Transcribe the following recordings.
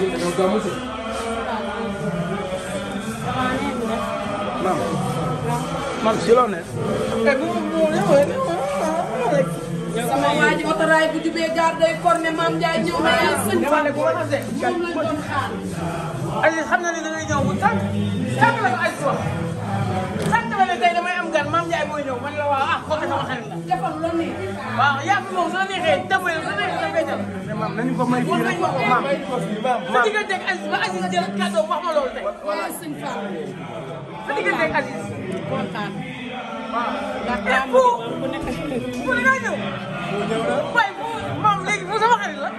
gàmmu si maam maam si loo ne sama waa ji otoraay bu jubee gaar day corne maam Ndiaye ñëw na yaay sëñ fa moom lañ doon xaar ay xam na ne da ngay ñëw bu tànk tànk la ko ay wax tànk la ne tey damay am yaay mooy ñëw man la waaw ah kooku sama xarit la. defal la nii. waaw yaa ngi moom soo neexee dafa yow soo neexee dafay jël. mais maam nañu ko may kii rek maam maam. su digganteeg Aziz ba Aziz jël kàddoom wax ma loolu tey. wala sëñ Fall. su digganteeg Aziz. kontaan. waaw ndax daa mu bu nekk. bu dinaa ñëw. waaye bu maam léegi bu sama xarit la.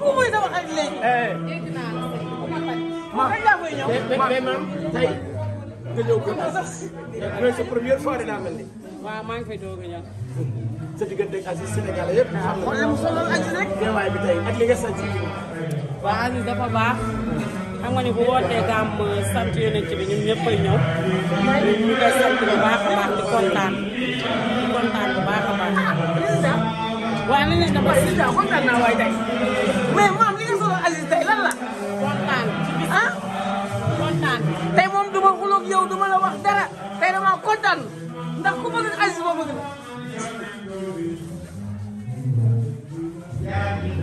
waaw bu muy sama xarit léegi. dégg naa la tey bu ma tànn. maam kañ laa koy ñëw. mais mais maam tey. nga ñëw Kër Masar. mooy sa première fois dinaa mel nii. waaw maa ngi doog a ñëw. sa a ak Aziz Sénégal yëpp. xam nga loolu moom Aziz rek. teewaay bi tey ak li nga sant. waaw Aziz dafa baax. xam nga ni bu wootee gàmm sant yonent bi ñun ñëpp baax a baax di kontaan. di kontaan baax a baax. waaye li ñu ne dafa. waaye li yow duma la wax dara tey dama kontaan ndax ku bëgg Aziz moo bëgg la Yeah.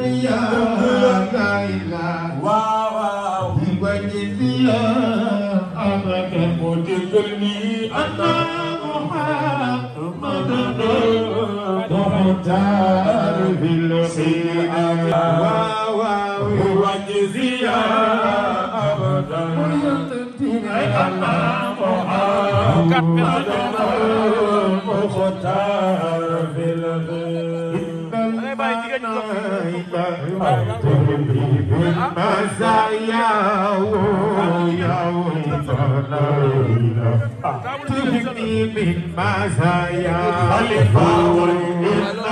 المختار في الخير هو جزيا أبدا محمد المختار في الخير بالمزايا ويوم تغني من مزايا الفور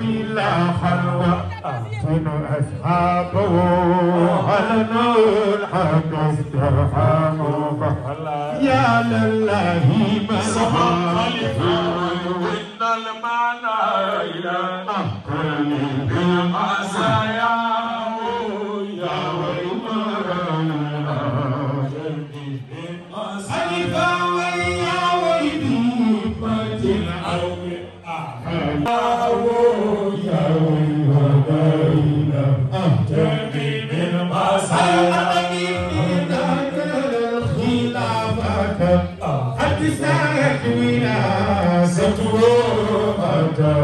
بلا خلوة أحسن أصحابه هل نلحق استرحامه يا لله ما خالف وإن المعنى إلى أحكم بالمعصايا يا وإمران خليفة ويا ويدي فتن أو أحد سكنا سكنا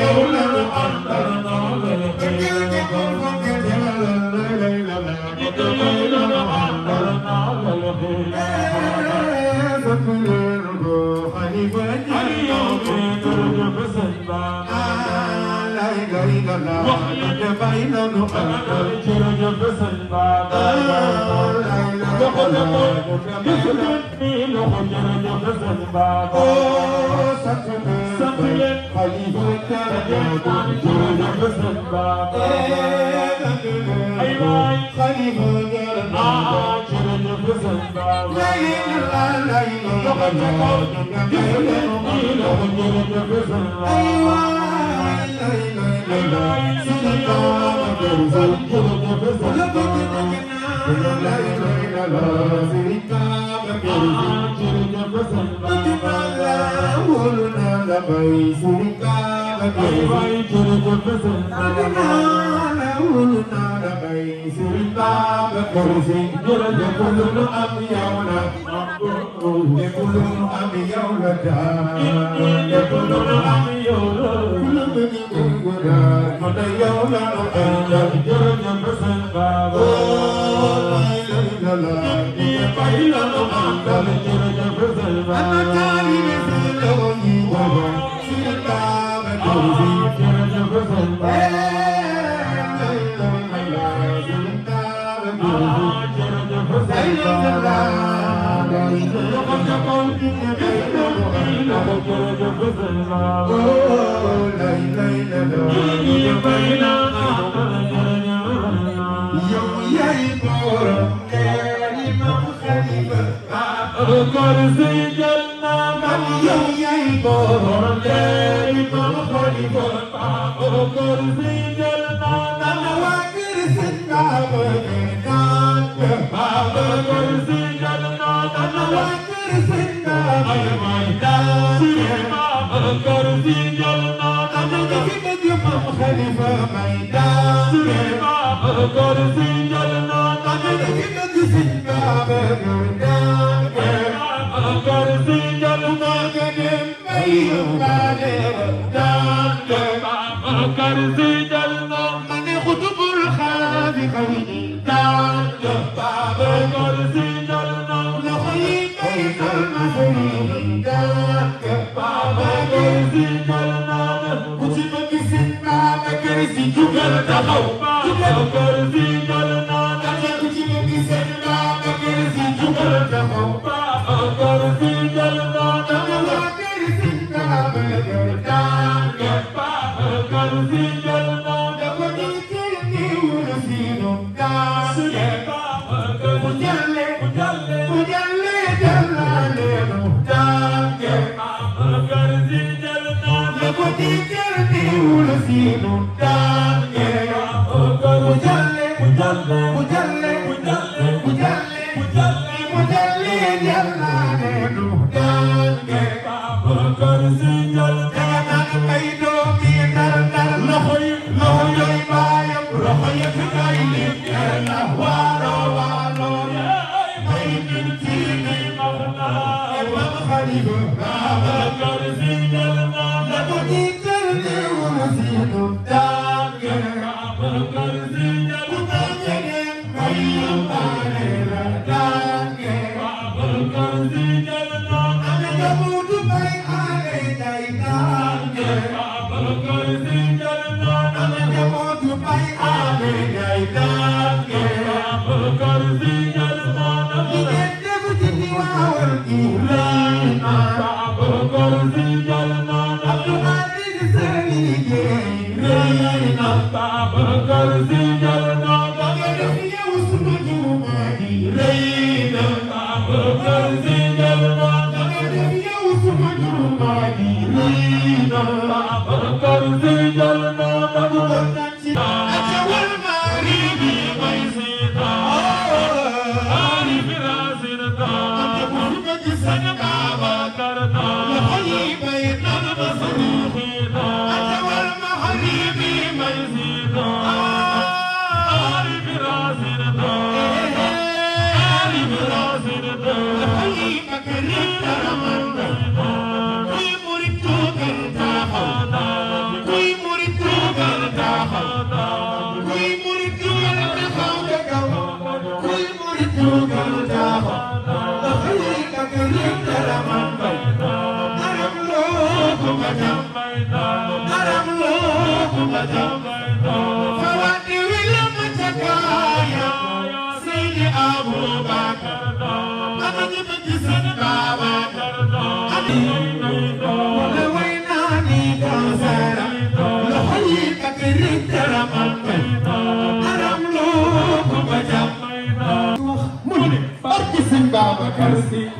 Oh, such a خليفة كان جود حسن بابا أيوة خليفة كان جود حسن بابا ليل الليل لقد كنت جود حسن أيوة ليلى سلطان جوزل جود حسن ليلى لا سلطان جوزل جود حسن I'm not Oh, Karzi digal naa la ku ci bëgg si naa la kër si jugal taxaw jugal kër digal naa la ku ci bëgg si naa la kër si jugal taxaw kër digal naa la kër si naa la kër digal مؤمن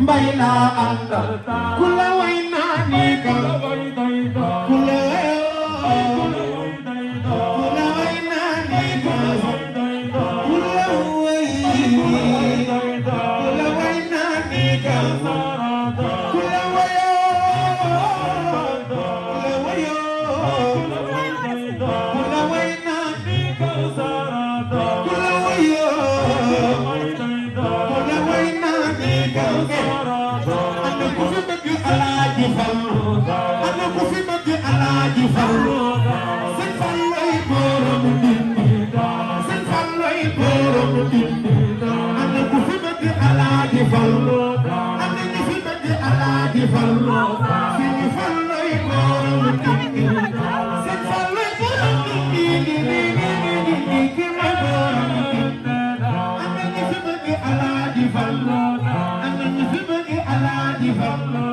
mbay naa àndal ku la way naa nii Fallu ana ñu fi bëgg Alaaji Fallu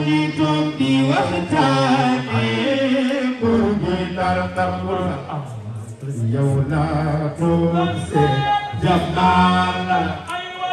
ñi toog di waxtaane bur buy tar tar bur yow laa toog see jàmbaar la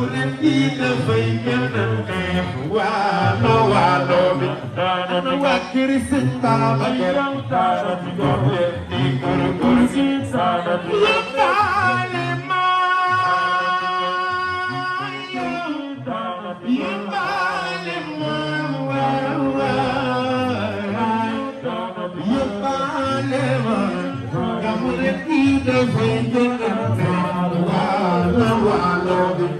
ku leen di dafay mel na neex waalo waalo bi ana waa kër sëñ Baba yow taara bi góor leen di góor góor si taara bi yëndaale maa yow taara bi yëndaale maa waaw waaw yëndaale maa kamu leen di dafay mel na neex waalo waalo bi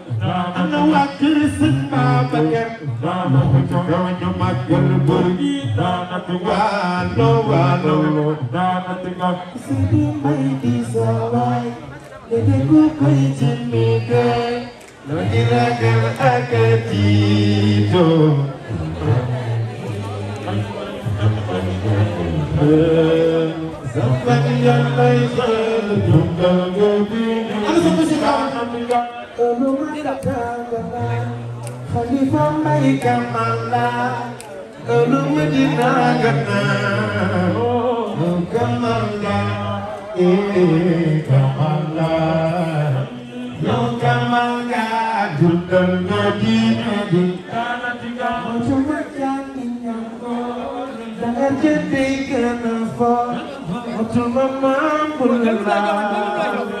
ana waa kër sëñ Babacar daanaka joxew ñu màggal bër gi daanaka waano waano daanaka nga sëñ may di sa waay léegi ku koy jëmmi kay loo di ragal ak tiitoo Sampai yang lain sejumlah gobi Ada sampai sih kau Khalifa may kamala Olu Medina gana Oh kamala Eh kamala Yo kamala Dutan ngaji ngaji Kana tiga Cuma jadinya Jangan jadi kenapa Cuma mampu lelah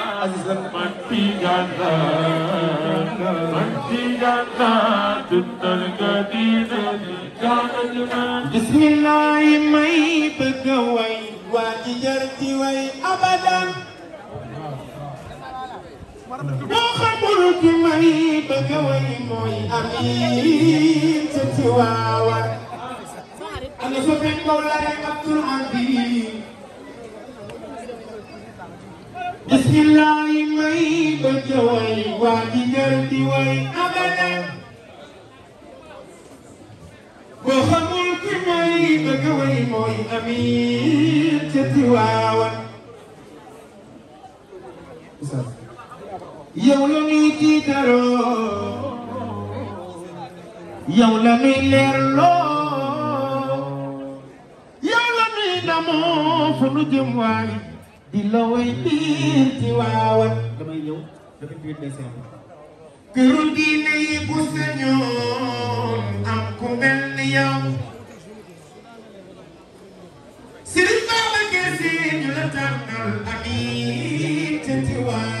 عزيزا مانتي جانا مانتي جانا تنتر قدينا بسم الله مي بقوي واجي جرتي وي أبدا وخبر جمعي بقوي موي أمين تتواوى أنا سبحان قولي أبطل عندي bismillah yi may bëgg way waa ji jar di way abadan boo xamul ki may bëgg way mooy amin ca Tiwaawan yow la ñuy tiitaroo yow la ñuy leerloo yow nu jëm waay di la way biir ci waawan damay ñëw dafa biir décembre këru diine yi bu sañoon am ku mel ni yow Sëriñ Babacar Si ñu la tànnal amiin ci ci waawan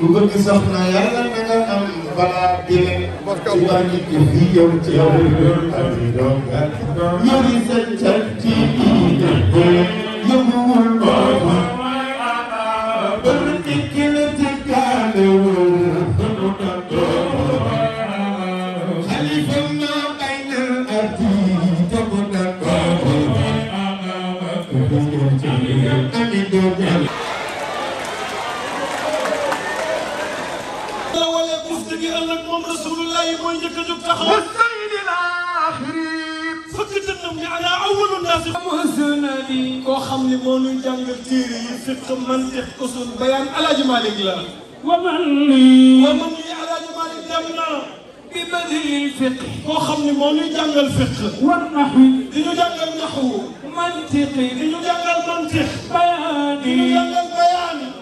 dugal gi sax na yàlla na nga am balaa déwén ci wàllu kër gi yow ci yow ci doom yëngu seen cër ci biir yëngu wul yi mooy njëkk a jóg taxaw. wa sayyidil aaxirin. fëkk dënnam ni ana awwalu naas. musnadi. koo xam ne moo nuy jàngal téere yi fiq mantiq usul bayaan Alaaji Malick la. wa man lii. wa man lii Alaaji Malick dem na. bi madhil fiq. koo xam ne moo nuy jàngal fiq. wa naxwi. di ñu jàngal naxwu. mantiq. di ñu jàngal mantiq. bayaan. di ñu jàngal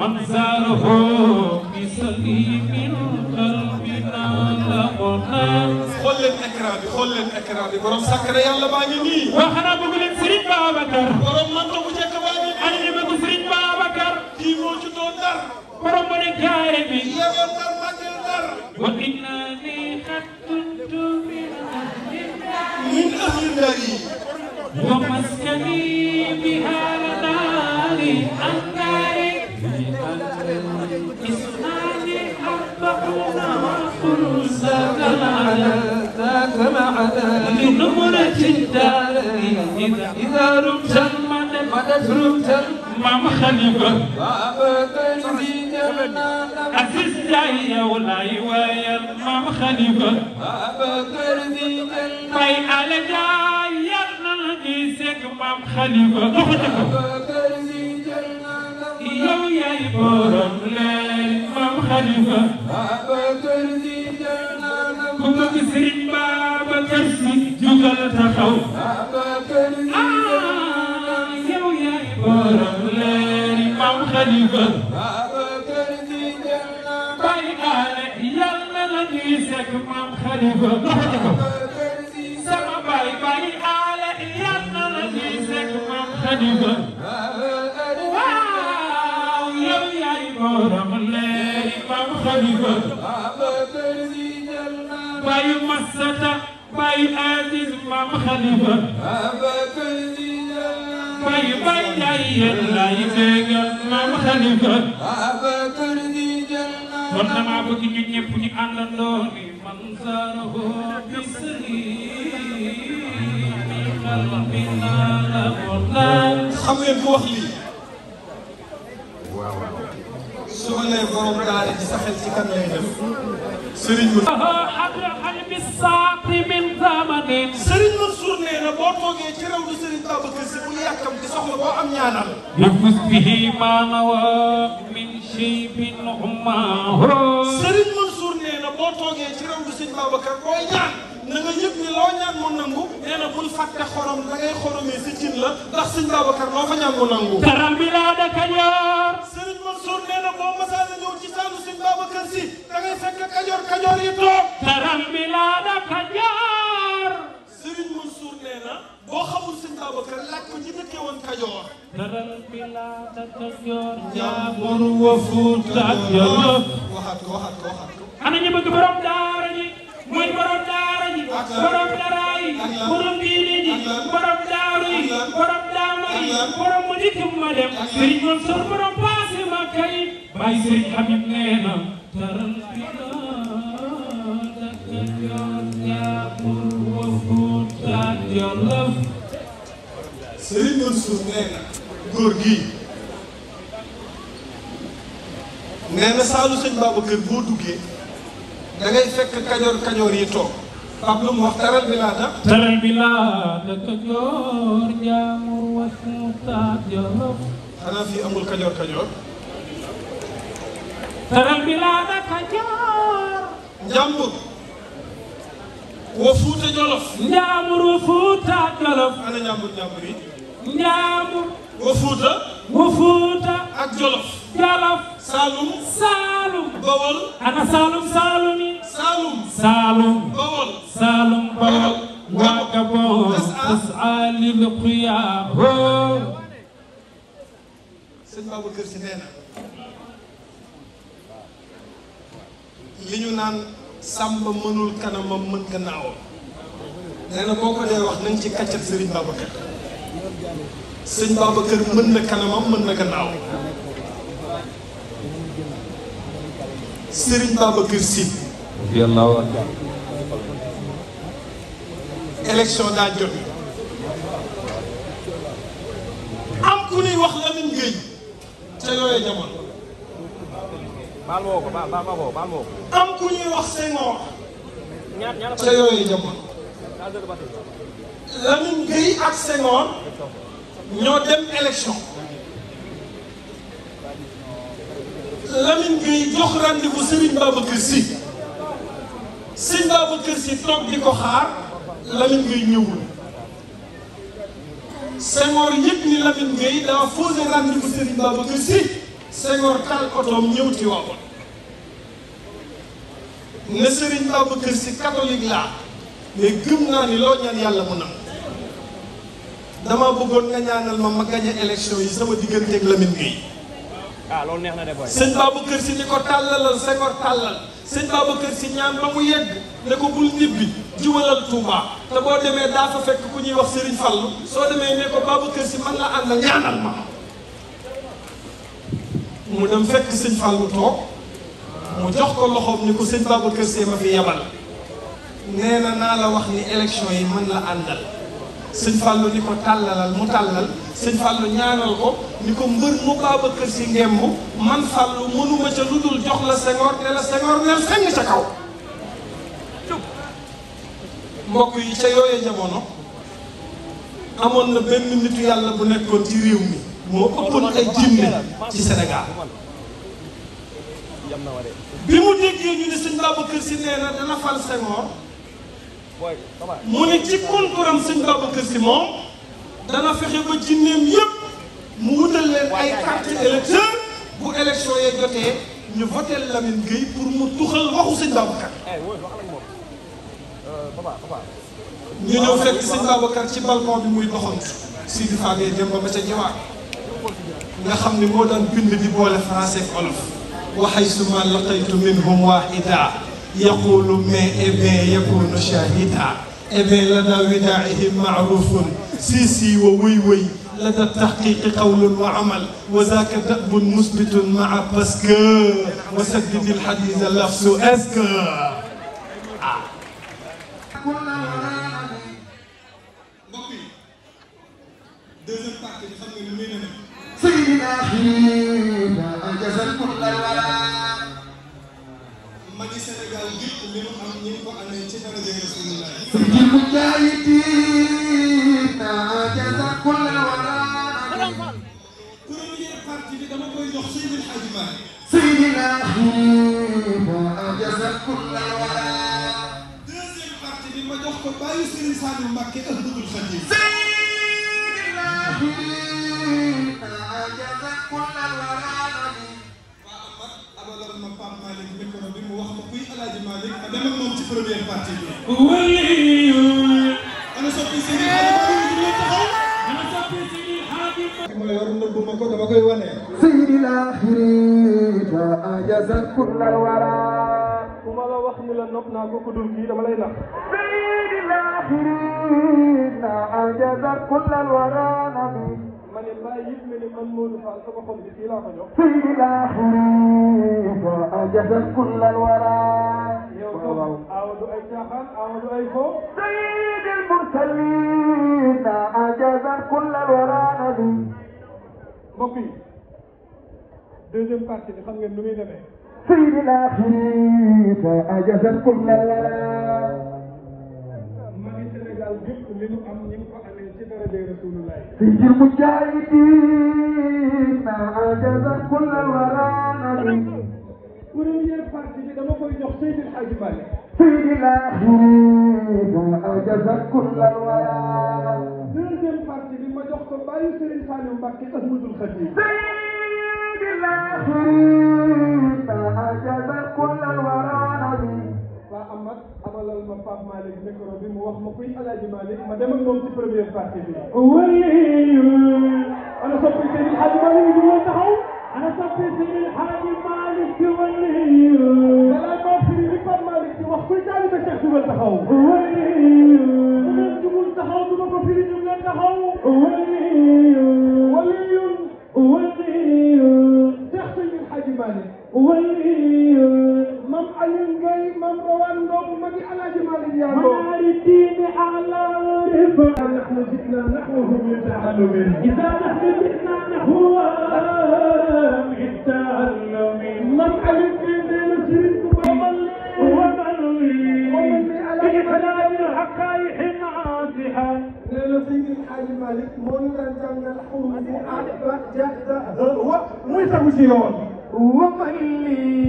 من زاره بسليم قلبنا لقنا xool leen écran bi xool leen écran bi borom Sacré yàlla baa ngi nii. waaw xanaa bëgg leen Serigne Babacar. borom man la bu njëkk baa ngi nii. ani bëgg Serigne Babacar. kii moo ci doon dar. borom ma ne gaare bi. yebal dar màggal dar. wa inna ni xat kuntu min ahli dari ومسكني بها لدار أنكار اسمان أربعون فرسك على معنا لنمرة الدار إذا رمت المدد مدد رمت مام خليفة أسس يا ولاي ويا مام خليفة أبكر ذي جنة على جار i sek maam xalifa doxati ko yow yaay borom xalifa ku bëgg sëriñ Babacar Si jugal taxaw ah yow xalifa bayu masata bayu aziz mam khalifa bayu bayu jayyel lay fegal mam khalifa kon dama bëgg ñu ñëpp ñu àndandoo ni man sarahu bisri xam ngeen ku wax lii. waaw. su ma nee borom daara ji sa ci boo toogee ci du Serigne Babacar Sy boo am na nga yëg ni loo ñaan mu nangu nee na bul fàtte xorom da ngay xoromee si cin la ndax sëñ Babacar loo fa ñaan mu nangu. Mansour nee na boo masaana ñëw ci saalu Sëñ Babacar Si kajoor kajoor yi toog taram bi da kajoor Serigne Mansour nee na boo xamul Sëñ Babacar laaj ko ci kajoor taram bi da kajoor njaabur wa fuut ak yow waxaat ko waxaat ko waxaat ko mooy borom daara ji borom daraa yi borom diine ji borom daaru yi borom daama yi borom mu dikk mu ma dem sëriñ Mansour borom paase ma kay bay sëriñ Habib nee na taral Sëriñ Mansour nee na góor gii nee na saalu sëñ Babacar boo duggee da ngay fekk kajoor kajoor yi toog Pape lu mu wax taral bi laa da taral kajoor njaamur wasmu jolof njàmbur wa jolof ana njàmbur njàmbur yi njàmbur wa ak jolof jolof saalum saalum bawol ana saalum saalum yi saalum saalum bawol saalum bawol waa Gabon asaa lil qiyaa sëñ Babacar Si nee na li ñu naan sàmba mënul kanamam mën gannaawam nee na boo ko dee wax nañ ci kàccal sëriñ Babacar sëñ Babacar mën na kanamam mën na gannaawam Serigne Babacar Sy. yàlla élection daa jot. am ku ñuy wax Lamine Gueye. ca yooyu jamono. baal ma woo ko baal ak Senghor. ñoo dem élection. Lamine Gueye jox rendez-vous Serigne Babacar Sy Serigne Babacar Sy toog di ko xaar Lamine Gueye ñëwul Senghor yëpp ni Lamine Gueye daa faussé rendez-vous Serigne Babacar Sy Senghor taal otoom ñëw ci waawoon ne Serigne Babacar Sy catholique laa mais gëm naa ni loo ñaan yàlla mu nangu dama bëggoon nga ñaanal ma ma gañe yi sama digganteeg Lamine Gueye ah loolu neex na de booy. sëñ Babacar Si ni ko tàllalal sa ko tàllal sëñ Babacar Si ñaan ba mu yegg ne ko bul ñibbi jiwalal Touba te boo demee daa fa fekk ku ñuy wax Serigne Fallou soo demee ne ko Babacar Si man la ànd ñaanal ma. mu dem fekk sëñ Fallou toog mu jox ko loxoom ni ko sëñ Babacar Si ma fi yebal nee na naa la wax ni élection yi mën la àndal. sëñ Fallou ni ko tàllalal mu tàllal sëñ Fallou ñaanal ko ni ko mbër mu baaba kër si ngemb man Fallou mënuma ca lu dul jox la sengoor te la sengoor neel fenn ca kaw mbokk yi ca yooye jamono amoon na benn nitu yàlla bu nekkoon ci réew mi moo ëppoon ay jinne ci Sénégal bi mu déggee ñu ne sëñ Babacar Si nee na dana fal Senghor mu ne ci konturam sëñ Babacar Si moom dana fexe ba jinneem yépp mu wutal leen ay carte électeur bu élection yee jotee ñu voteel Lamine Gueye pour mu tuxal waxu sëñ Babacar eh, euh, ñu ñëw fekk sëñ Babacar ci balcon bi muy doxantu si di faagee dem ba ma ca jawaar xam ni moo daan bind di boole français ak wolof waxay suma laqaytu minhum waahida يقول ما إبا يكون شاهدا إبا لدى وداعهم معروف سيسي ووي وي لدى التحقيق قول وعمل وذاك دأب مثبت مع باسكو وسدد الحديث اللفظ أزكى سيدنا حبيب أجزل كل الورى ma di Sénégal gépp li mu am ñu ko amee koy jox Seydil Hadji Malick Seydina jaza kulla wala deuxième ko bàyyi Serigne Saliou Mbacké Abdoul dogaloon na Pape Malick micro bi mu wax ko kuy El Hadj Malick nga dem ak moom ci première partie bi. waliyu. ana soppi si biir xarit Malick di leen taxaw. ana soppi si biir xarit Malick. ma yor nëbbu ma ko dama koy wane. sayyidil aaxiri fa ajaza kullal wara. ku ma la wax ni la nopp naa ko ku dul kii dama lay nax. sayyidil aaxiri fa ajaza kullal wara nabi. ne maa yëg na ne man Modou Fall sama xol bi kii laa ko jox. fii xam ngeen nu muy demee. لدي رسول الله سيد المجاهدين ما عجز كل ولا نبي ورمي الفرد دما كوي جوخ سيد الحاج مالك سيد الاخرين ما عجز كل ولا deuxième partie bi ma jox ko bàyyi Serigne Saliou Mbacké Ahmadoul Khadim سيد الاخرين ما عجز كل ولا نبي waa amat xoolal ma Pape Malick micro bi mu wax ma kuy El Hadj Malick ma dem ak moom ci première partie bi. wëy ana soppi Seydi El Hadj Malick bi ñu taxaw ana soppi Seydi El Hadj Malick ci wëy. balaa maa firi li Pape Malick ci wax kuy taalibe Cheikh dugal taxaw. wëy bu ngeen jugul taxaw du ma ko firi ñu ngeen taxaw. wëy waliyun Cheikh Seydi El Hadj Malick. mam Alioune Gueye mam Rawane Ndong ma di El Hadj Malick yaa ngi ko. manaari diine ala rifa. nahnu jitna nahwahu min taallumin. ida nahnu jitna nahwahu min taallumin. mam Alioune Gueye nee na sëriñ bu baax. waman lii waman lii. waman lii El Hadj Malick yaa ngi ko. nee na Seydi El Hadj Malick moo ñu daan jàngal xaw ma ba ja ta wa muy tagu ci yoon. waman lii.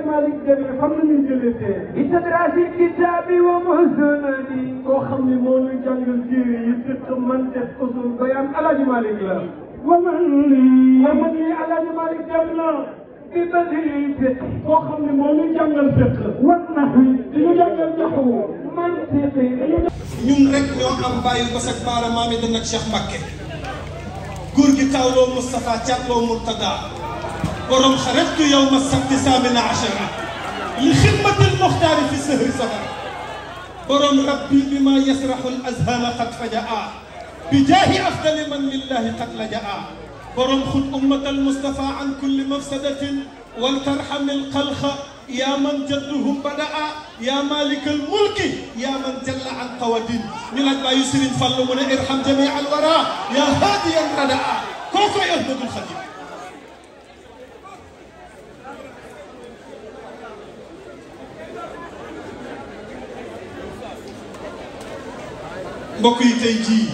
Alaaji Malick demee fan la ñuy jëlee tee. istadraasi kitaabi wa muhsunani. koo xam ne moo ñu jàngal téere yi te man def ko suñu bayaan Alaaji Malick la. wa man lii. wa man lii Alaaji Malick dem na. bi ba lii fekk. koo xam ne moo ñu jàngal fekk. war na fi. ñu jàngal jaxu. man seetee ñun rek ñoo am bàyyi ko sax baara maam yi dañ ak Cheikh Mbacké. góor gi Tawloo Moustapha Thiat loo Murtada borom xarajtu yawma sabti saamina achara li xidmatil muxtaari fi sahri safar borom rabbi bi ma yasraxul azhama qad fajaa bi jaahi afdali man lillahi qad lajaa borom xut ummatal Mustafa an kulli mafsadatin wal tarxamil xalqa yaa man jadduhum badaa yaa malikal mulki yaa man jalla an qawadin ñu laaj baayu Serigne Fallou mu ne irham jamii al wara yaa haadiyan radaa kookoy Ahmadul Xadim mbokk yi tey jii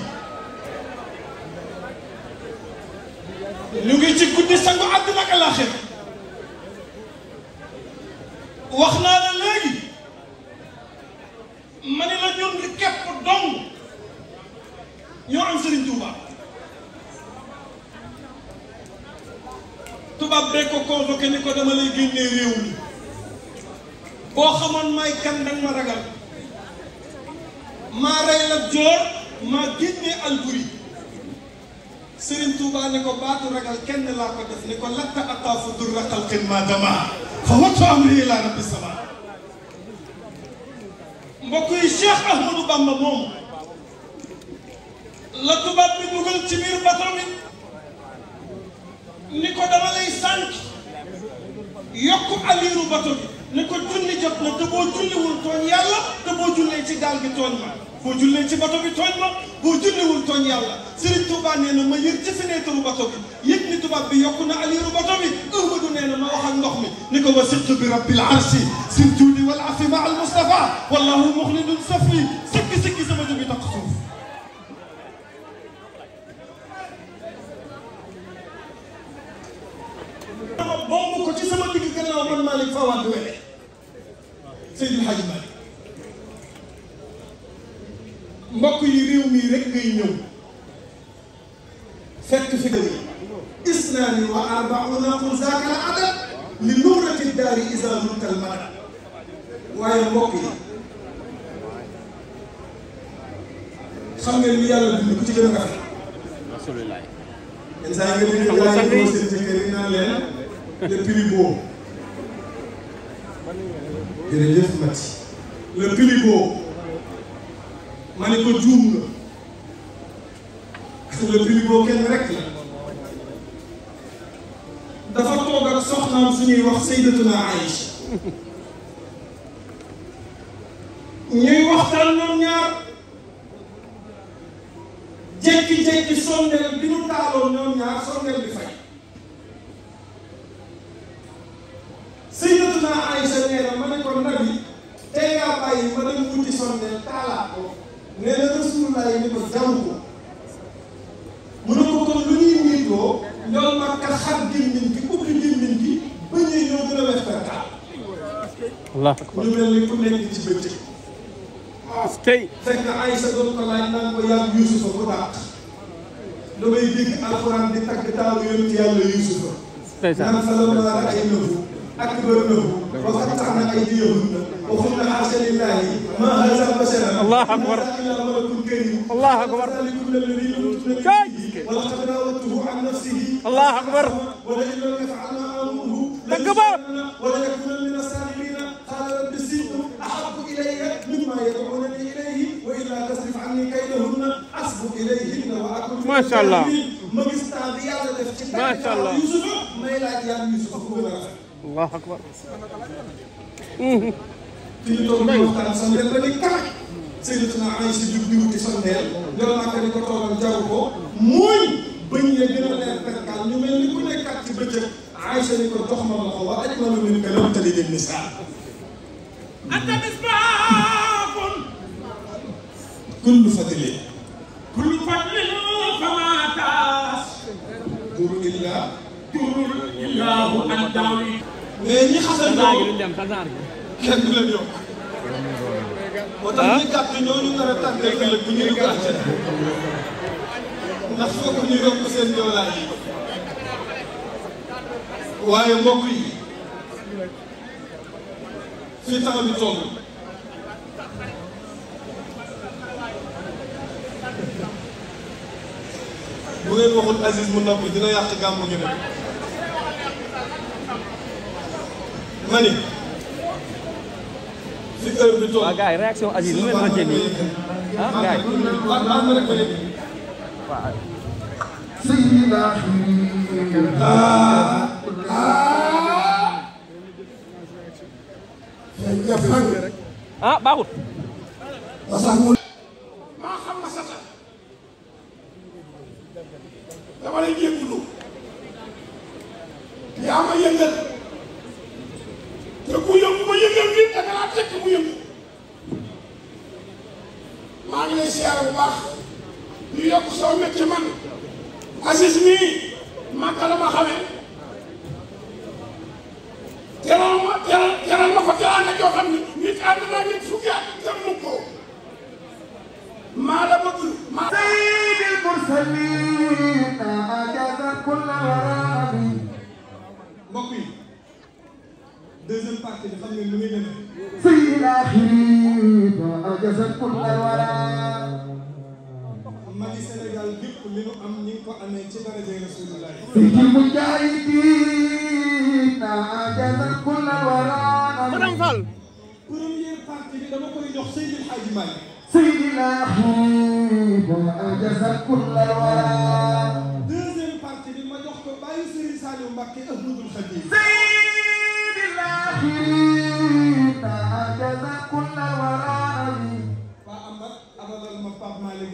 ñu ngi ci guddi sangu àdduna ak alaaxir wax naa la léegi ma ne la ñun di képp dong ñoo am Sëriñ Tuuba tubaab bee ko convoqué ni ko dama lay génnee réew mi boo xamoon may kan danga ma ragal maa rey Lat Joor maa génne Alburi Sëriñ Tuuba ne ko baatu ragal kenn laa ko def ne ko latta ataafu durra xalqin maa dama fa wattu amri ilaa rabbi sama mbokk yi Cheikh Ahmadou Bamba moom la tubaab bi dugal ci biir bato bi ni ko dama lay sànq yokk aliiru bato ni ko julli jot na te boo julliwul tooñ yàlla te boo jullee ci gi tooñ ma boo jullee ci bato bi tooñ ma boo julliwul tooñ yàlla Serigne Touba nee na ma yër ci fenêtre bato bi yëg ni tubaab bi yokku na aliru bato bi Ahmadu nee na ma wax ak ndox mi ni ko wasiqtu bi rabbil arsi sil juudi wal afi ma al Mustafa wallahu muxlidun safli sikki sikki sama jëbi takk suuf bomb ko ci sama digg gannaaw man Malick Fawad Wele Seydil Hadji Malick mbokk yi réew mi rek ngay ñëw fekk fi gën yi isnaani wa zaaka la li nuurati daari isa mulkal madad waaye mbokk yi xam ngeen ni yàlla bind ku ci gën rafet alhamdulilah yenn saa yi nga dégg gars yi seen jëkkër yi naan leen le prix beau jërëjëf ma ne ko juum nga parce que prix dafa toog ak soxnaam suñuy wax sayyidatuna Aïcha ñuy waxtaan ñoom ñaar jékki-jékki sondeel bi ñu taaloon ñoom ñaar sondeel bi fay sayyidatuna Aïcha nee na ma ne ko nabi tey ngaa bàyyi ma dem wuti sondeel taalaat ko nee na Rasulullah yi ni ko jaru ko mu ne ko kon lu ñuy niitoo ñoom Makka xar gémmiñ gi ubbi gémmiñ gi ba ñuy ñoo gën a wex Allah akbar ñu mel ni ku nekk ci bëccëg ah, tey fekk na Aysa doon ko laaj naan ko yàlla Yuusufa ko dàq damay dégg alxuraan di tagg taalu yonent yàlla Yuusufa naan fa la mën a ay ak li bëri na ko ba tax na ay jiw yëngu na waxuñ na alhamdulilah yi ma haza basara. allahu akbar allahu akbar. ولقد راودته عن نفسه. الله أكبر. ولئن لم يفعل ما آمره. وليكونن من الساخرين. قال رب السجن أحب إلي مما يدعونني إليه وإلا تصرف عني كيدهن أصب إليهن وأكن ما شاء الله. ma gis temps bi yàlla def ci. ma sha Allah Yuusuf may laaj yàlla Yuusuf ko gën a rafet. allahu akbar fii ñu toog may waxtaan sondeel ba ni karak Sayyidatuna Aïcha jóg di wuti sondeel yow naa ko ni ko toogal jaru ko mooy bañ ne gën a leer perkal ñu mel ni ku nekkaat ci bëccëg Aïcha ni ko jox ma loxo wa ajmalu minka lam talid an-nisaa anta misbaahun kullu fadlin kullu fadlin fama taas durul illa durul illahu an mais ñi xasal ñoo kenn du leen yokk. moo tax ñi gàtt ñooñu nar a tànnee ëllëg bu ñuy dugg àjjana ndax fokk ñu yokk seen doolaay yi waaye mbokk yi fii temps bi toll. bu ngeen waxul Aziz mu nangu dina yàq gàmmu ne. ma ni si heure bi toog waaw gars yi réaction Aziz nu ngeen mën jëndi ah gars yi waaw maa ngi rek ma ni waaw Seydina ah ah ah baaxut maa xam ma sata dama lay jéggulu yaa ma yëngal te ku yëngu ba yëngal nit da nga laa tekk mu yëngu maa ngi lay siyaare bu baax yokk soo métti man Aziz mii Màkka la ma xamee teral ma teral teral ma ko teral nga joo xam ne nit ànd naa nit fukki at te mu ko maa la bëgg maa sayyidil mursalin mbokk yi deuxième partie bi xam ngeen lu muy demee. sëñ bi laa xiir ba ajasat kul alwala. magi Sénégal lépp li nu am ñi ngi ko amee ci daraja Rasulullah. sëñ bi mu jaay di na ajasat kul alwala. madame Fall. première partie bi dama koy jox Seydi El Hadji Malick. sëñ bi laa xiir ba ajasat kul alwala. deuxième partie bi ma jox ko bàyyi Serigne Saliou Mbacké Ahmadoul Khadim.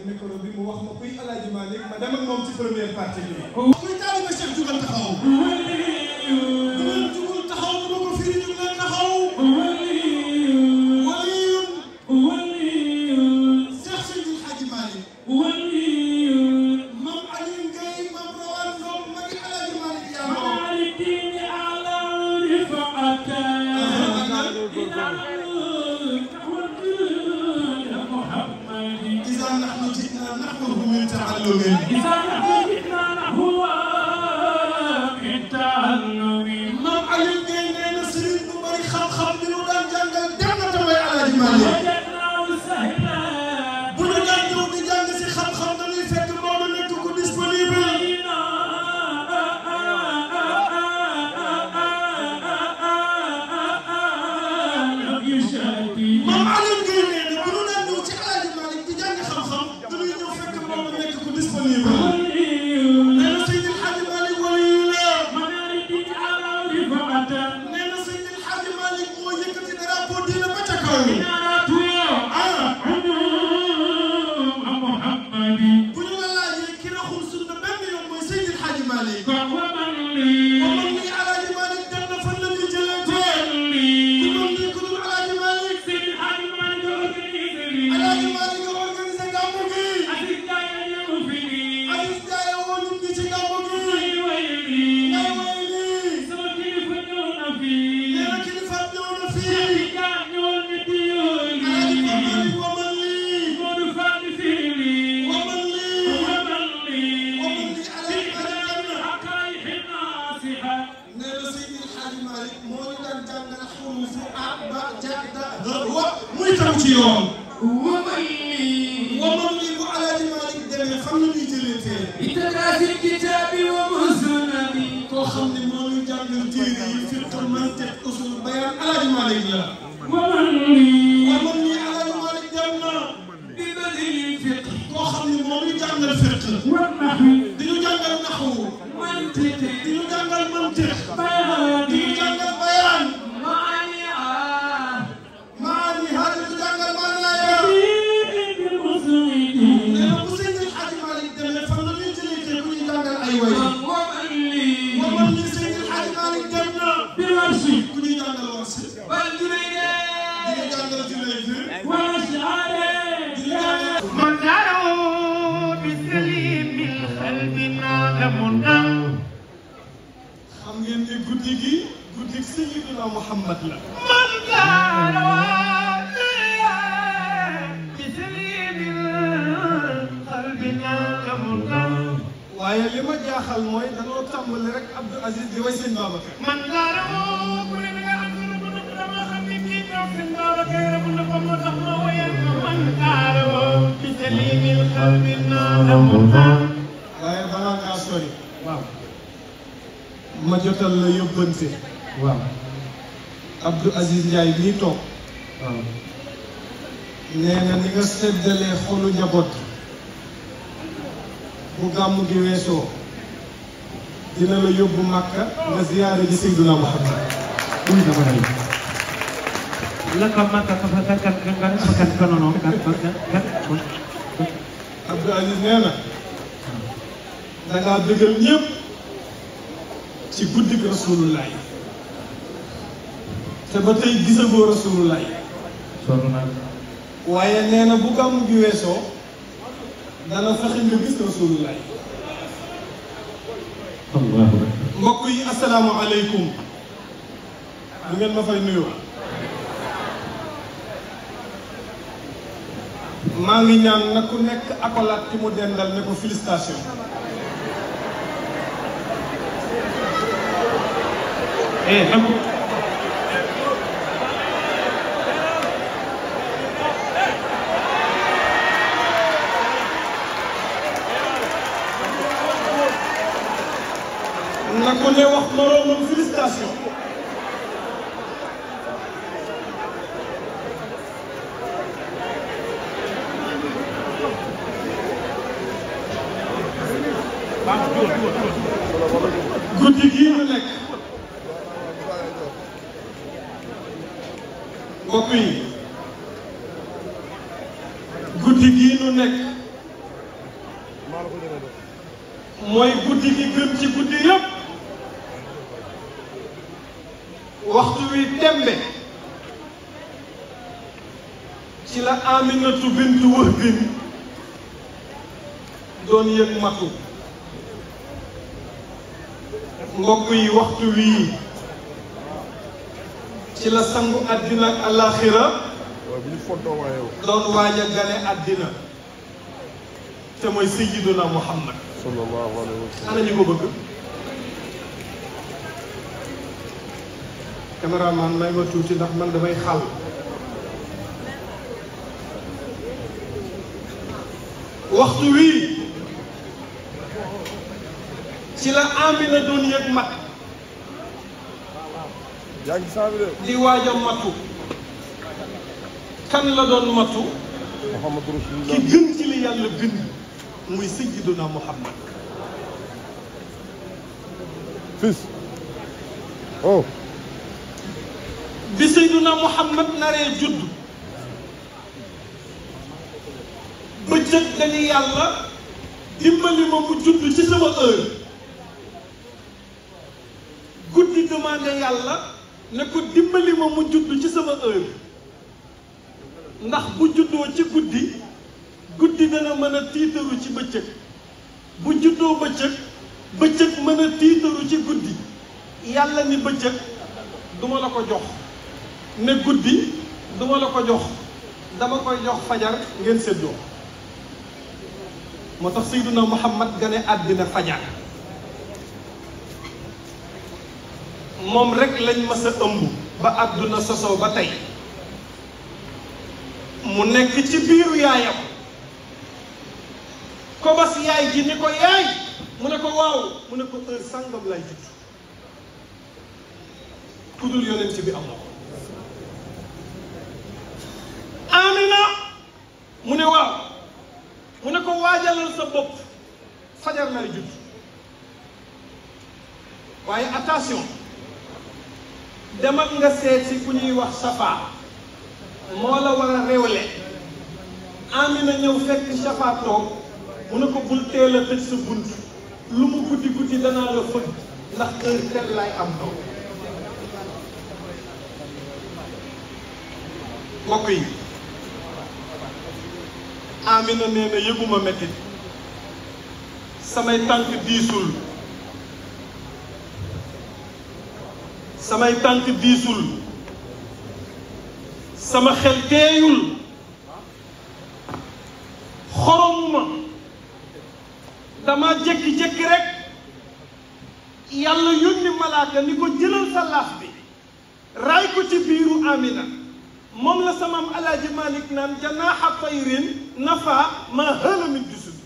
micro bi mu wax ma kuy Alaaji Maalik ma dem ak moom ci première partie bi. muy taalibe Cheikh Diouf taxaw waaye balaa ngaa sori. waaw. ma jotal la yóbbante. waaw. Abdou Aziz Ndiaye bii toog. waaw. ni nga seddalee xolu njaboot. bu gàmm gi weesoo. dina la yóbbu Màkka nga ziyaare ji Seydina Muhammad. Abdou Aziz nee na da ngaa bëggal ñëpp ci guddi gi te ba tey gisagoo rasulullah waaye neena bu kam gi weesoo dana fexe nga gis rasulullah yi mbokk yi asalaamaaleykum bu ngeen ma fay nuyoo maa ngi ñaan na ku nekk accolade ki mu dendal ne ko eh, ne wax moroomam mbokk yi guddi gii nu nekk mooy guddi gi gën ci guddi yëpp waxtu wi tembe ci la Aminatu bintu Wahbin doon yëg matu mbokk waxtu wii ci la sangu àddina ak àllaaxira doon waaj a àddina te mooy sayyiduna Muhammad sallallahu alayhi ko bëgg cameraman may ma tuuti ndax man damay xàll waxtu wii ci la Amina doon yëg mat yaa ngi saa li waaj a matu. kan la doon matu. Muhammad Rasulullah ki gën ci li yàlla bind muy sayyiduna Muhammad. fils. oh. bi sayyiduna Muhammad naree judd. bëccëg dañu yàlla dimbali ma mu judd ci sama heure. guddi demandé yàlla. ne ko dimbali ma mu judd ci sama heure ndax bu juddoo ci guddi guddi dana mën a tiitaru ci bëccëg bu juddoo bëccëg bëccëg mën a tiitaru ci guddi yàlla ni bëccëg duma la ko jox ne guddi duma la ko jox dama koy jox fajar ngeen séddoo moo tax Seyduna Muhammad gane àddina fajar moom rek lañ mës a ëmb ba àdduna sosoo ba tey mu nekk ci biiru yaayam kobas yaay ji ni ko yaay mu ne ko waaw mu ne ko heure sàngam lay judd ku yonent bi am na ko amina mu ne waaw mu ne ko waajalal sa bopp fajar lay judd waaye attention demal nga seet si ku ñuy wax Safa moo la war a réewle Amina ñëw fekk Safa toog mu ne ko bul teel a sa bunt lu mu guddi guddi danaa la fëgg ndax heure tel am doom mbokk yi Amina nee na yëguma mettit samay tànk diisul samay tànk diisul sama xel teeyul xoromuma dama jékki-jékki rek yàlla yónni malaaka ni ko jëlal sa bi raay ko ci biiru amina moom la sama am alaaji Malick naan janaaxa tayrin nafa maa hëla min jusud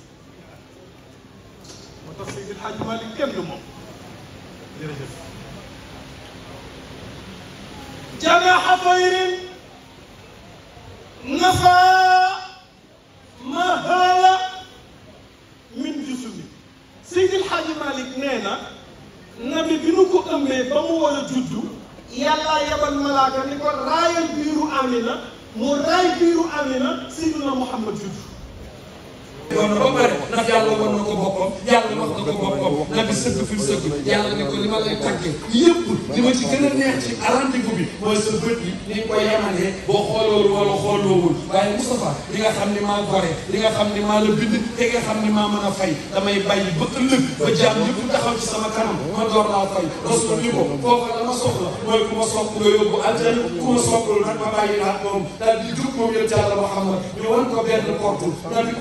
جناح طير نفى مهالة من جسمي سيد الحاج مالك نينا نبي بنوكو أمي بمو جدو يلا يبل ملاكا نكو راي بيرو أمينا مو راي بيرو أمينا سيدنا محمد جدو ndax yàlla wan na ko boppam yàlla wax na ko boppam nabi sëgg fi mu sëgg yàlla ne ko li ma lay tàggee yëpp li ma ci gën a neex ci rendez-vous bi mooy sa bët yi ni nga boo xooloolu wala xooloowul waaye Moustapha li nga xam ne maa gore li nga xam ne maa la bind te nga xam ne maa mën a fay damay bàyyi ba ëllëg ba jaam yëpp taxaw ci sama kanam ma door laa fay la ma soxla mooy ku ma sopp nga yóbbu aljana ku ma soppul nag ma bàyyi laa moom daal di jóg moom yëpp yàlla Muhammad ñu wan ko benn porte daal di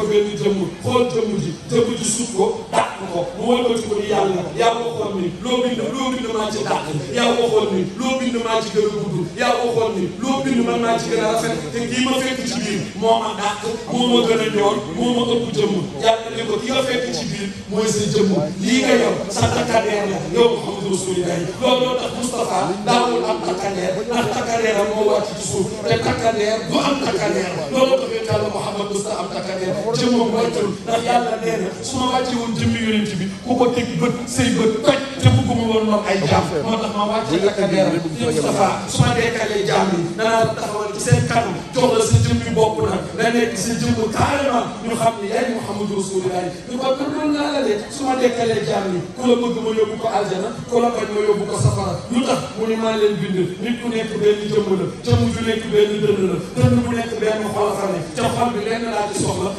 ubbi ñu jëmm xool jëmm ji jëmm ji sut ko dàq ko mu wëlbati ko ni yàlla yaa waxoon ni loo bind loo bind maa ci dàq yaa waxoon ni loo bind maa ci gën a gudd yaa waxoon ni loo bind man maa ci gën a rafet te kii ma fekk ci biir moo ma dàq moo ma gën a ñool moo ma ëpp jëmm yàlla ne ko ki nga fekk ci biir mooy sa jëmm lii nga yor sa takkandeer la yow Muhammadu Rasulullah looloo tax Moustapha daawul am takkandeer ndax takkandeeram moo wàcc ci suuf te takkandeer du am takkandeer looloo tax yàlla Muhammad Moustapha am takkandeer ma wàccul ndax yàlla su ma wàccee woon jëmmi yonent bi ko teg bët say bët toj te bëgguma woon noonu ay jaam moo tax ma wàccee takka deeram di Moustapha su ma dekkalee jaam yi danaa taxawal ci seen kanam jox la sa jëmmi bopp nag nekk sa jëmm carrément de su ma dekkalee jaam yi ku la bëgg ma yóbbu ko aljana ku la bañ ma yóbbu ko safara lu tax mu ni leen bind nit ku nekk benn jëmm la jëmm ju nekk benn dënn dënn bu nekk benn xol xane ca xol bi lenn laa ci soxla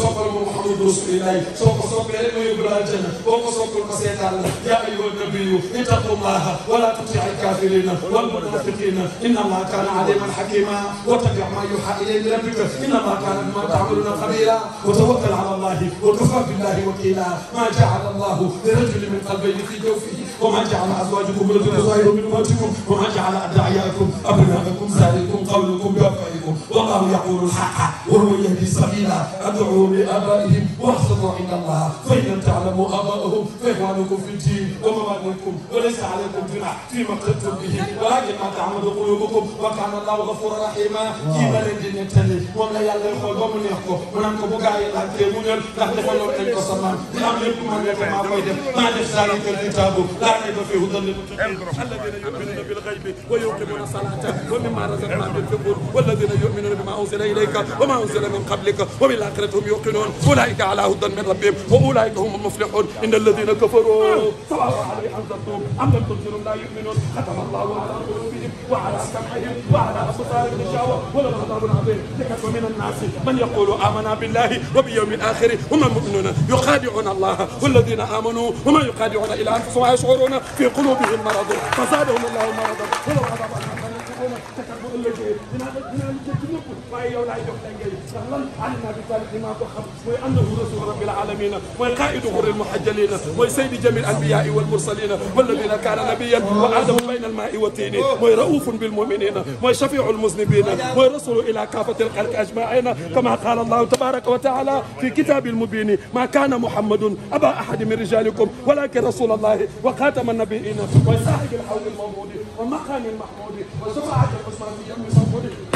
soppal ko Muhammadu Rasulillahi soo ko soppee rek ma yóbbu la aljanna boo ko soppal ma seetaan la yaa ayyuhan nabiyyu ittaqullaha wala tuti'il kafirina wal munafiqina inna allaha kana aliman hakima wattabi' ma yuha ilayka min rabbika inna allaha kana bima ta'maluna khabira wa tawakkal ala allahi wa kafa billahi wakila ma ja'ala allahu li rajulin min qalbayni fi jawfihi وما جعل أزواجكم التي ظاهر من موتكم وما جعل أدعياءكم أبناءكم سالكم قولكم بأفواهكم والله يقول الحق وهو يهدي سبيلا أدعو لآبائهم واحفظوا عند الله فإن لم تعلموا آباءهم فإخوانكم في الدين ومواليكم وليس عليكم جناح فيما اقتدتم به ولكن ما تعمد قلوبكم وكان الله غفورا رحيما kii ba leen di nettali moom la yàlla xool ba mu neex ko mu naan ko bu gaa yi laajtee mu ñëw ndax defaloon nañ ko sa maam di am lépp man maa koy def maa def saa yi kër لا ريب فيه هدى للمتقين الذين يؤمنون بالغيب ويقيمون الصلاة ومما رزقناهم ينفقون والذين يؤمنون بما أنزل إليك وما أنزل من قبلك وبالآخرة هم يوقنون أولئك على هدى من ربهم وأولئك هم المفلحون إن الذين كفروا سواء عليهم تصدقهم أم لم تنذرهم لا يؤمنون ختم الله على قلوبهم وعلى سمعهم وعلى أبصارهم غشاوة ولهم عذاب عظيم لكثر من الناس من يقول آمنا بالله وباليوم الآخر هم مؤمنون يخادعون الله والذين آمنوا وما يخادعون إلا أنفسهم ويشعرون يفترون في قلوبهم مرض فزادهم الله مرضا ولو عذاب أنهم يكذبون تكبوا إلا شيء من هذا الدين الجد نقول وأي يوم لا يجب ndax lan Ali ibn Abi Talib li maa ko xam mooy annahu rasul rabbil alamina mooy qaidu hurril muhajjalina mooy saydi jamil anbiyai wal mursalina walladina kaana nabiyan wa aadamu bayna almaai wa tiini mooy raufun bil muminina mooy shafiu lmuznibina mooy rasulu ila kafati alxalqi ajmaina kama qala allahu tabaraka wa taala fi kitabi almubini ma kana muhammadun aba ahadi min rijalikum walakin rasul allahi wa xatama annabiina wa sahibi alhawli almawmudi wa maqami almahmudi wa shafaati alhusna fi yawmi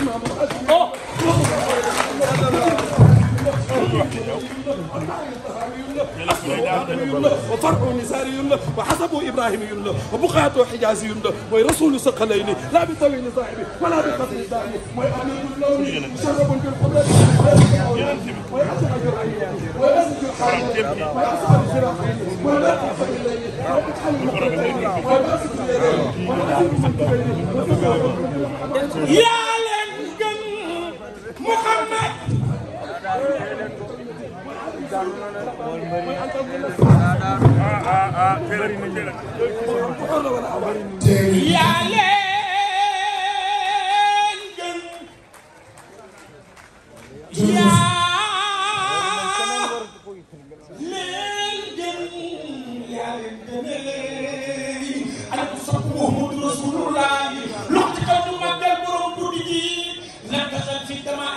وفرع نزاري وحسب ابراهيمي وبقعه حجازي موي رسول ثقلين لا بطويل صاحبي ولا بقصر داني موي امير اللون مشرب بالقدره موي اسعد الرعيه موي اسعد الحرام موي اسعد الشراحين موي لا تحسب اليه لا تتحمل موي اسعد اليه يا Muhammad yaa leen gën yaa leen gën yaa leen gën ana ko sopp Muhammadu Rasulullah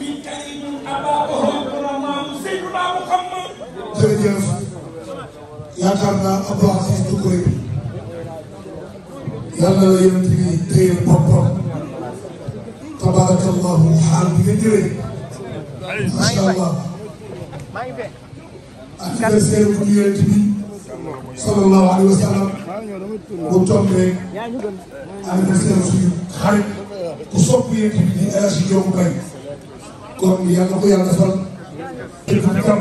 min karibun abaahu rahmaanu sayyiduna Muhammad jërëjëf yaakaar naa Abdou Aziz Doucouré bi yàlla la yonent bi téye boppam tabarakallahu xaal bi nga jëlee macha allah anniversaire bu yonent bi sallallahu alayhi wa sallam bu tombee anniversaire suñu xarit ku sopp yonent bi di El Hadji Ndiogou Mbaye kon yàlla ko yàlla defal kilifa bi tam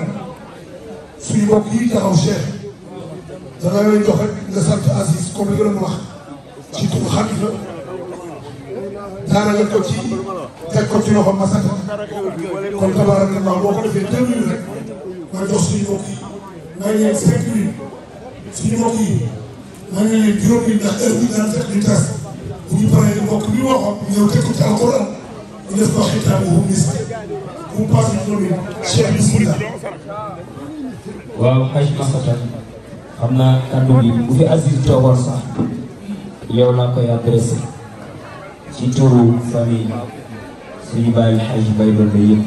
suñu mbokk yi taxaw Cheikh dana lay jox rek nga sant Aziz comme li nga doon wax ci tur xalifa daanaka ko ci teg ko ci loxo Masaka kon tabaarakallah boo ko defee deux minutes rek nga jox suñu mbokk yi nga leen cinq minutes suñu mbokk yi nga leen juróomi ndax heure bi daan fekk di tas bu ñu paree mbokk bi waxoon ñëw teg ko ci alquran ñu def ko xitaabu miskin bu passé commune Cheikh bismillah. waaw xaj Massata xam naa kàddu bi bu fi Aziz toogoon sax yow laa koy adressé ci turu famille suñu bàyyi xaj bay doole yëpp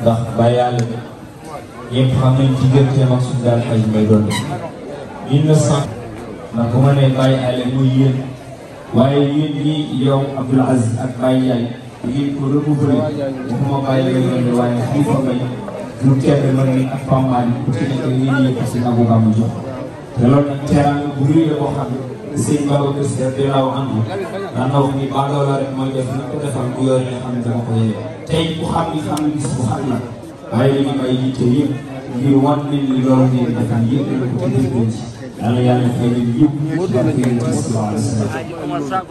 ndax bàyyaale yëpp xam nañ digganteem daal xaj bay doole. 1900 ndax bu ma nee bàyyi àll mooy yéen waaye yéen ñii yow Abdoul Aziz ak Baye Ndiaye. yéen ko recouvrer waxuma bàyyi la yónnee waaye xalifa mbay lu tedd la ni ak pambaay ku ci nekk yéen a yëkkati Abu Bamba jox te loolu nag teraanga bu la boo xam ne sëñ Babacar Sy radiyallaahu anhu daan na wax ni baadoo la rek mooy def na ko defal ku xam ni xam gis bu xam na waaye li ñu may yitte yëpp ngir wan leen li nga wax ne dafa yëpp ko ci biir ci yàlla yàlla fay leen yëpp barke yi ci subhanahu wa taala ñu wax ci jàng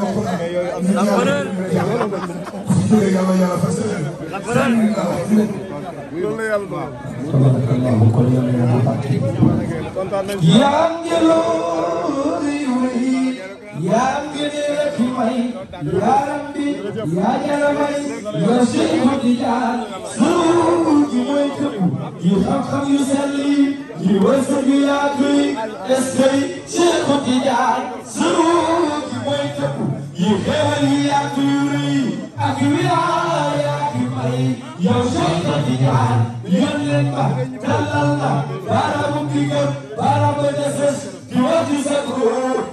ko am yàlla yàlla fas yaa ngir fi may yaa rabbi yaa jaramay yaa Seexu Tijaan suuf ji mooy këpp ji xam-xam yu sell yi ji wërsëg yu yaatu yi est-ce que Seexu Tijaan suuf ji mooy këpp ji xéewal yu yaatu yu rëy ak wilaaya fi may yow Seexu Tijaan yoon leen ba dalal la baaraamu digal baaraamu deses di wàcc sa góor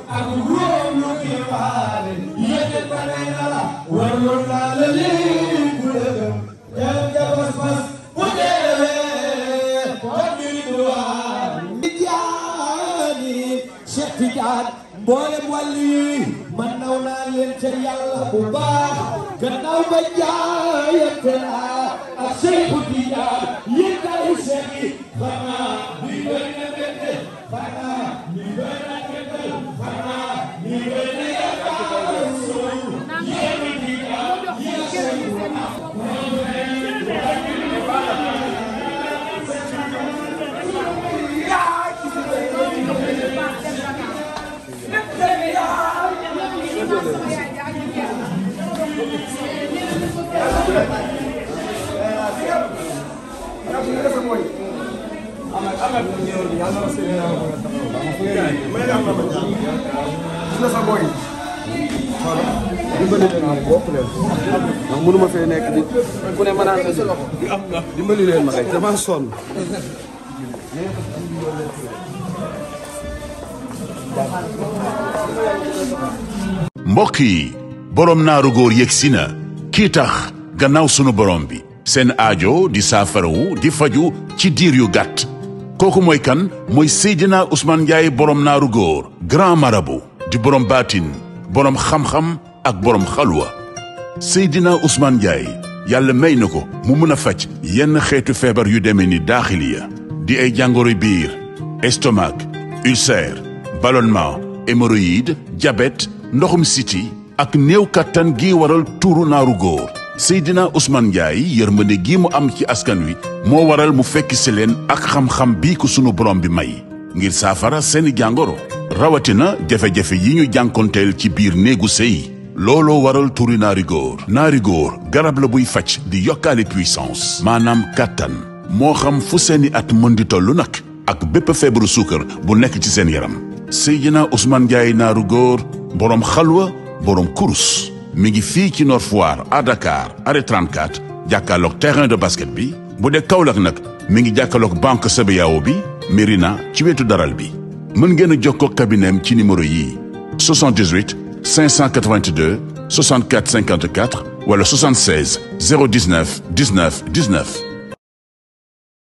mboolem wàllu yi man naw naa leen ca yàlla bu baax gannaaw ba jaayante naa ak Seexu Tijaan yéen daal seeti xanaa bi doy na bette xanaa bi doy na Gracias. dimbali leen yi borom naaru góor yegsi na kii tax gannaaw sunu borom bi seen aajo di saafarawu di faju ci diir yu gàtt kooku mooy kan mooy Seydina usmaan Ndiaye borom naaru góor grand marabout di borom baatin borom xam-xam ak boroom xalwa Seydina usmaan Ndiaye yàlla may na ko mu mën a faj yenn xeetu feebar yu demee ni daaxiliya di ay jàngoro biir estomac ulcère ballonnement hémorroïde diabète ndoxum siti ak néew kattan gi waral tuuru naaru góor Seydina Ousmane Ndiaye yërmande gi mu am ci askan wi moo waral mu fekk si leen ak xam-xam bii ko sunu borom bi may ngir saafara seeni jàngoro rawatina jafe-jafe yi ñu jànkonteel ci biir néegu sëy looloo waral turi naari góor naari góor garab la buy faj di yokkaale puissance maanaam kàttan moo xam fu seeni at mën di tollu nag ak bépp feebaru suukar bu nekk ci seen yaram Seydina Ousmane njaay naaru góor borom xalwa borom kurus mi ngi fii ci Nord Foire à Dakar arrêt 34 jàkkaarloog terrain de basket bi bu dee Kaolack nag mi ngi jàkkalook banque CBAO bi Mérina ci wetu daral bi. mën ngeen a jokkoo kabineem ci numéro yii 78 582 64 54 wala 76 019 19 19.